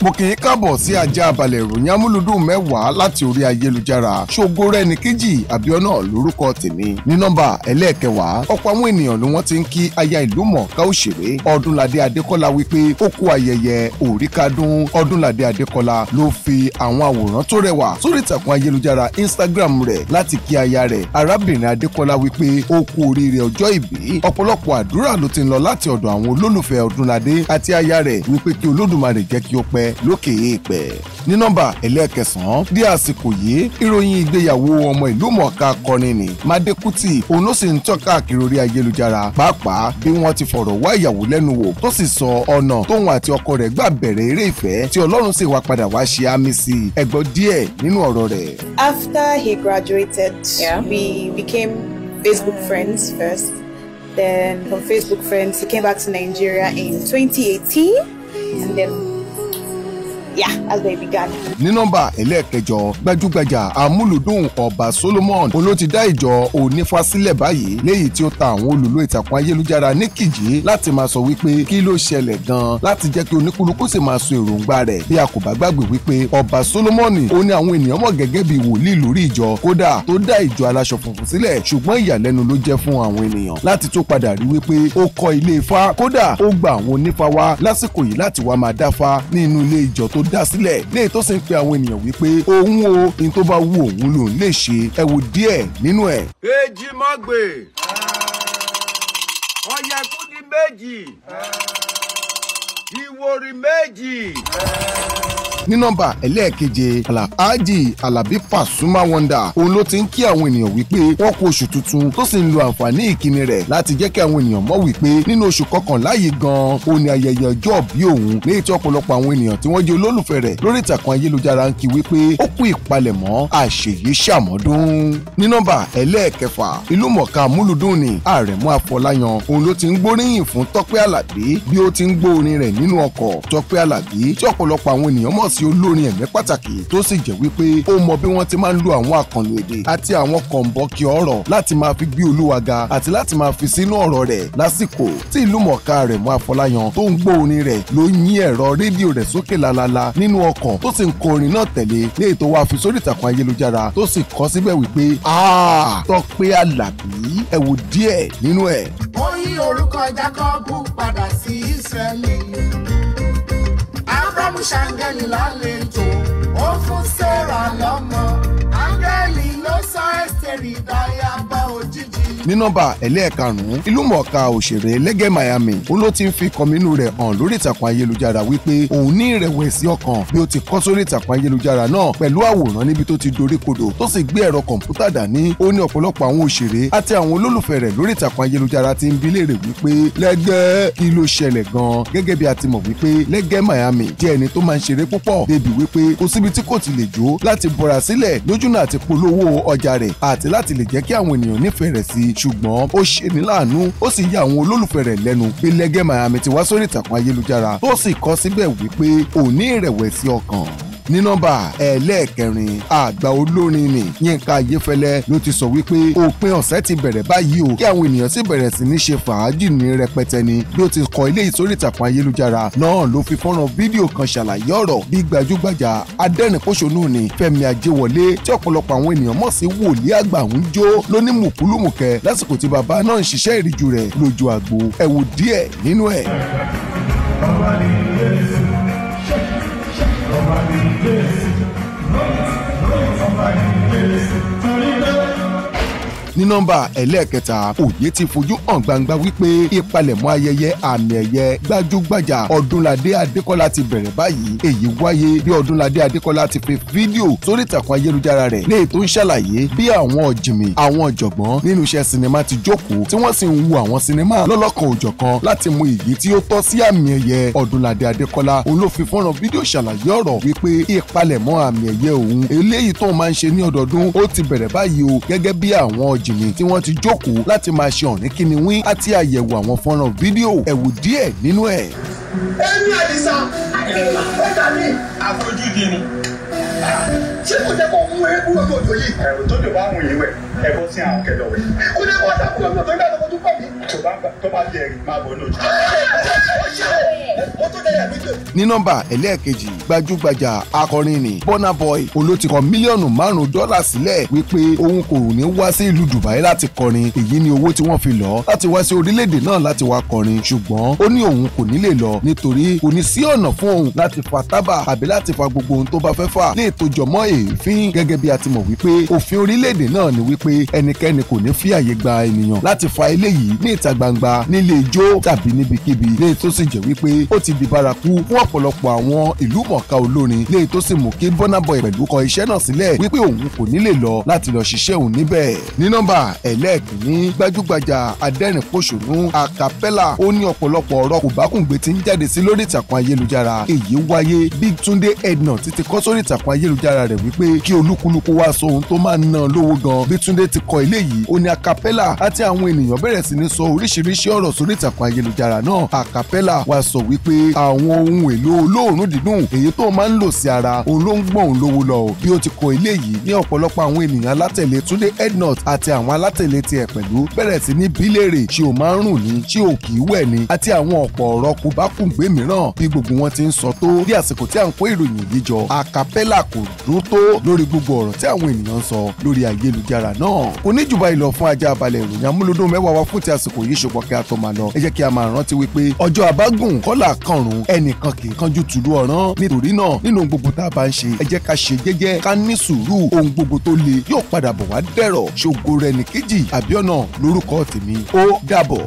mo kì í káàbọ̀ sí ajá balẹ̀ ìròyìn amúlùdùn mẹ́wàá láti orí ayélujára ṣògo rẹ̀ ní kejì àbíọ́nà lórúkọ tèmi ní nọ́mbà ẹlẹ́ẹ̀kẹwàá ọ̀pọ̀ àwọn ènìyàn ni wọ́n ti ń kí aya ìlú mọ̀ọ́ká òṣèré ọdúnladé adékọ́lá wípé ó kú ayẹyẹ òríkádún ọdúnladé adékọ́lá ló fi àwọn àwòrán tó rẹwà sórí ìtàkùn ayélujára instagram rẹ̀ láti kí aya rẹ̀ arábìnrin adékọ́lá wípé ó kú oríire ọjọ́ ìbí ọ̀pọ̀lọpọ̀ àdúrà ló ti ń lọ láti ọ̀dọ̀ àwọn olólùfẹ́ ọdúnladé àti aya rẹ̀ wípé kí olódùmarè jẹ́ kí ó pẹ́ lókè èèpẹ̀ ní nọ́mbà ẹlẹ́ẹ̀kẹsàn-án di àsìkò yìí ìròyìn ìgbéyàwó ọmọ ìlú mọ̀ọ́ká akọni ni Made òun ló sì ń tàn káàkiri orí ayélujára pàápàá bí wọ́n ti fọ̀rọ̀ wá ìyàwó lẹ́nu wò tó sì sọ ọ̀nà tóun àti ọkọ rẹ̀ gbà bẹ̀rẹ̀ eré ìfẹ́ tí Ọlọ́run sì wá padà wá ṣe àmì sí i ẹ díẹ̀ nínú ọ̀rọ̀ rẹ̀. After he graduated, yeah. we became Facebook friends first. Then from Facebook friends, he came back to Nigeria in 2018, and then yeah that's where began. ní nọ́mbà ẹlẹ́ẹ̀kẹjọ gbajúgbajà amúlùdùn ọba Solomon òun ló ti dá ìjọ onífá sílẹ̀ báyìí léyìí tí ó ta àwọn olùlò ìtàkùn ayélujára ní kìjì láti máa sọ wípé kí ló ṣẹlẹ̀ gan-an láti jẹ́ kí oníkúlùkù sì máa sọ èròǹgbà rẹ̀ bí a kò bá gbàgbé wípé ọba Solomon òun ni àwọn ènìyàn mọ̀ gẹ́gẹ́ bí wòlíì lórí ìjọ kódà tó dá ìjọ aláṣọ funfun sílẹ̀ ṣùgbọ́n ìyàlẹ́nu ló jẹ́ fún àwọn ènìyàn láti tó padà rí wípé ó kọ́ ilé ifá kódà ó gba àwọn onífá lásìkò yìí láti wá máa dáfá ní inú ilé ìjọ tó tó dá sílẹ̀ léyìí tó sì ń pe àwọn ènìyàn wípé òun o ní tó bá wù òun lòun lè ṣe ẹ wo díẹ̀ nínú ẹ̀. èjì mọ́gbè ọ̀yẹ̀kú di méjì ìwòrì méjì ní nọ́mbà ẹlẹ́ẹ̀keje alhaji alabi pasuma wonder òun ló ti ń kí àwọn ènìyàn wípé wọ́n kó oṣù tuntun tó sì ń lo àǹfààní ìkíni rẹ̀ láti jẹ́ kí àwọn ènìyàn mọ̀ wípé nínú oṣù kọkànlá yìí gan òun ni ayẹyẹ ọjọ́ bí òun ní ètò ọ̀pọ̀lọpọ̀ àwọn ènìyàn tí wọ́n jẹ́ olólùfẹ́ rẹ̀ lórí ìtàkùn ayélujára ń kí wípé ó kú ìpalẹ̀mọ́ àṣeyí ṣàmọ́dún. ní nọ́mbà ẹlẹ́ẹ̀kẹfà ìlú mọ̀ká múlùdùn ni àrẹ̀mú afọláyan òun ló ti ń gbóríyìn fún tọ́pẹ́ àlàbí bí ó ti ń gbọ́ rẹ̀ nínú ọkọ̀ tọ́pẹ́ àlàbí tí ọ̀pọ̀lọpọ̀ àwọn ènìyàn mọ̀ sí olórin ẹ̀mí pàtàkì tó sì jẹ́ wípé ó mọ bí wọ́n ti máa ń lo àwọn àkànlò èdè àti àwọn kọ̀ǹbọ̀kì ọ̀rọ̀ láti máa fi gbé olúwa ga àti láti máa fi sínú ọ̀rọ̀ rẹ̀ lásìkò tí ìlú mọ̀ọ́ká Rẹ̀mú Afọláyan tó ń gbọ́ orin rẹ̀ ló yín ẹ̀rọ rédíò rẹ̀ sókè lálala nínú ọkàn tó sì ń kọ orin náà tẹ̀lé ní ètò wa fi sórí ìtàkùn ayélujára tó sì kọ síbẹ̀ wípé Tọ́pẹ́ Àlàbí ẹ díẹ̀ nínú ẹ̀. ó yí orúkọ Jákọ́bù padà sí Shangri-La. ní nọ́mbà ẹlẹ́ẹ̀karùn-ún ìlúmọ̀ọ́ká òṣèré lẹ́gẹ̀ Miami ó ló ti ń fi kọminú rẹ̀ hàn lórí ìtàkùn ayélujára wípé òun ní ìrẹ̀wẹ̀sì ọkàn bí ó ti kọ́ sórí ìtàkùn ayélujára náà pẹ̀lú àwòrán níbi tó ti dorí kodò tó sì gbé ẹ̀rọ kọ̀ǹpútà dání ó ní ọ̀pọ̀lọpọ̀ àwọn òṣèré àti àwọn olólùfẹ́ rẹ̀ lórí ìtàkùn ayélujára ti ń bi léèrè wípé lẹ́gẹ́ kí ló ṣẹlẹ̀ gan-an gẹ́gẹ́ bí a ti mọ̀ wípé lẹ́gẹ́ Miami jẹ́ ẹni tó máa ń ṣeré púpọ̀ débi wípé kò síbi tí kò ti lè jó láti bọ̀rà sílẹ̀ lójúnà àti polówó ọjà rẹ̀ àti láti lè jẹ́ kí àwọn ènìyàn nífẹ̀ẹ́ rẹ̀ sí ṣùgbọ́n ó ṣe ní láàánú ó sì ya àwọn olólùfẹ́ rẹ̀ lẹ́nu bí lẹ́gẹ́ Miami ti wá sórí ìtàkùn ayélujára tó sì kọ síbẹ̀ wípé ó ìrẹ̀wẹ̀sì ọkàn ní nọ́mbà ẹlẹ́ẹ̀kẹrin àgbà olórin ni Yínká Ayéfẹ́lẹ́ ló ti sọ wípé òpin ọ̀sẹ̀ ti bẹ̀rẹ̀ báyìí o kí àwọn ènìyàn sì bẹ̀rẹ̀ sí ní ṣe fàájì ní rẹpẹtẹ ni bí ó ti kọ ilé ìsórí ìtàkùn ayélujára náà ló fi fọ́nrán fídíò kan ṣàlàyé ọ̀rọ̀ bí gbajúgbajà adẹ́rìnpòṣónú ni Fẹ́mi Ajéwọlé tí ọ̀pọ̀lọpọ̀ àwọn ènìyàn mọ̀ sí wòlíì àgbà ń jó lóní mùkúlùmùkẹ́ lásìkò tí bàbá náà ń ṣiṣẹ́ ìríjú rẹ̀ lójú àgbo ní nọ́mbà ẹlẹ́ẹ̀kẹta òye ti fojú hàn gbangba wípé ìpalẹ̀mọ́ ayẹyẹ àmì ẹ̀yẹ gbajúgbajà ọdúnladé adékọ́lá ti bẹ̀rẹ̀ báyìí èyí wáyé bí ọdúnladé adékọ́lá ti fi fídíò sórí ìtàkùn ayélujára rẹ̀ ní ètò ń ṣàlàyé bí àwọn ọ̀jìnmì àwọn ọ̀jọ̀gbọ́n nínú iṣẹ́ sinimá ti jókòó tí wọ́n sì ń wo àwọn sinimá lọ́lọ́kan òjọ̀kan láti mú èyí tí ó tọ́ sí àmì ẹ̀yẹ ọdúnladé adékọ́lá olófin fọ́nrán fídíò ṣàlàyé ọ̀rọ̀ wípé ìpalẹ̀mọ́ àmì ẹ̀yẹ òun eléyìí tó máa ń ṣe ní ọdọọdún ó ti bẹ̀rẹ̀ báyìí o gẹ́gẹ́ bí àwọn ọ̀j ìjìnlẹ̀ tí wọ́n ti jókòó láti máa ṣe ọ̀rìn kíni wín àti àyẹ̀wò àwọn fọ́nrán fídíò ẹ wò díẹ̀ nínú ẹ̀. ẹni àdìsá ẹ̀ka ní àfojúdi ni ṣé kò jẹ́ kó mú ewu ọ̀gbọ̀dọ̀ yìí. ẹ̀rù tó dùn bá wùn yín wẹ̀ ẹ̀kọ́ sí àwọn kẹlọ kò ní kó dàkú ọ̀gbọ̀dọ̀ yìí ní nọ́mbà ẹlẹ́ẹ̀kejì gbajúgbajà akọrin ni Burna Boy olótikọ mílíọ̀nù márùn-ún dọ́là sílẹ̀ wípé òun kò ní wá sí ìlú Dubai láti kọrin èyí ni owó tí wọ́n fi lọ láti wá sí orílẹ̀-èdè náà láti wá kọrin ṣùgbọ́n ó ní òun kò ní lè lọ nítorí kò ní sí ọ̀nà fún òun láti fa tábà àbí láti fa gbogbo ohun tó bá fẹ́ fà lè tó jọmọ́ èéfín gẹ́gẹ́ bí a ti mọ̀ wípé òfin orílẹ̀-èdè náà ni wípé ẹnikẹ́ni kò ní fi àyè gba ènìyàn láti fa eléyìí níta gbangba nílé ijó tàbí níbikíbi léyìí tó sì jẹ́ wípé ó ti di bárakú fún ọ̀pọ̀lọpọ̀ àwọn ìlú mọ̀ọ́ká olórin léyìí tó sì mú kí Burna Boy pẹ̀lú kọ iṣẹ́ náà sílẹ̀ wípé òun kò ní lè lọ láti lọ ṣiṣẹ́ òun níbẹ̀. ní nọ́mbà ẹlẹ́ẹ̀kìnní gbajúgbajà adẹ́rìn-pọ̀ṣónú acapella ó ní ọ̀pọ̀lọpọ̀ ọ̀rọ̀ kòbákùngbé ti ń jáde sí lórí ìtàkùn ayélujára èyí wáyé Big Tunde Edna ti ti kọ́ sórí ìtàkùn ayélujára rẹ̀ wípé kí olúkúlùkù wá sọ tó máa ń ná lówó gan Big Tunde ti kọ eléyìí ó ní acapella àti àwọn ènìyàn bẹ̀rẹ̀ oríṣiríṣi ọ̀rọ̀ sórí ìtàkùn ayélujára náà acapella wa sọ wípé àwọn ohun èlò olóòórùn dídùn èyí tó máa ń lò sí ara òun ló ń gbọ̀n òun lówó lọ bí ó ti kọ eléyìí ní ọ̀pọ̀lọpọ̀ àwọn ènìyàn alátẹ̀lé Túndé Ednut àti àwọn alátẹ̀lé tiẹ̀ pẹ̀lú bẹ̀rẹ̀ sí ní bílèrè ṣé o máa ń rùn ní ṣé o kì í wẹ̀ ni àti àwọn ọ̀pọ̀ ọ̀rọ̀ kòbákùngbé mìíràn bí gbogbo wọn ti ń sọ tó bí àsìkò tí à ń kó ìròyìn yìí jọ acapella kò dún tó lórí gbogbo ọ̀rọ̀ tí àwọn ènìyàn ń sọ lórí ayélujára náà kò ní jùbá ìlọ fún ajá balẹ̀ ìròyìn amúlódún mẹ́wàá wá fún ti àsìkò àsìkò yìí ṣùgbọ́n kí a tó máa lọ ẹ jẹ́ kí a máa rántí wípé ọjọ́ àbágùn kọ́là kanrùn ẹnìkan kì í kanjú tùlú ọ̀ràn nítorí náà nínú gbogbo tá a bá ń ṣe ẹ jẹ́ ká ṣe jẹ́jẹ́ ká ní sùúrù ohun gbogbo tó le yóò padà bọ̀ wá dẹ̀rọ̀ ṣògo rẹ̀ nìkejì àbíọ́nà lórúkọ tèmi ó dàbọ̀.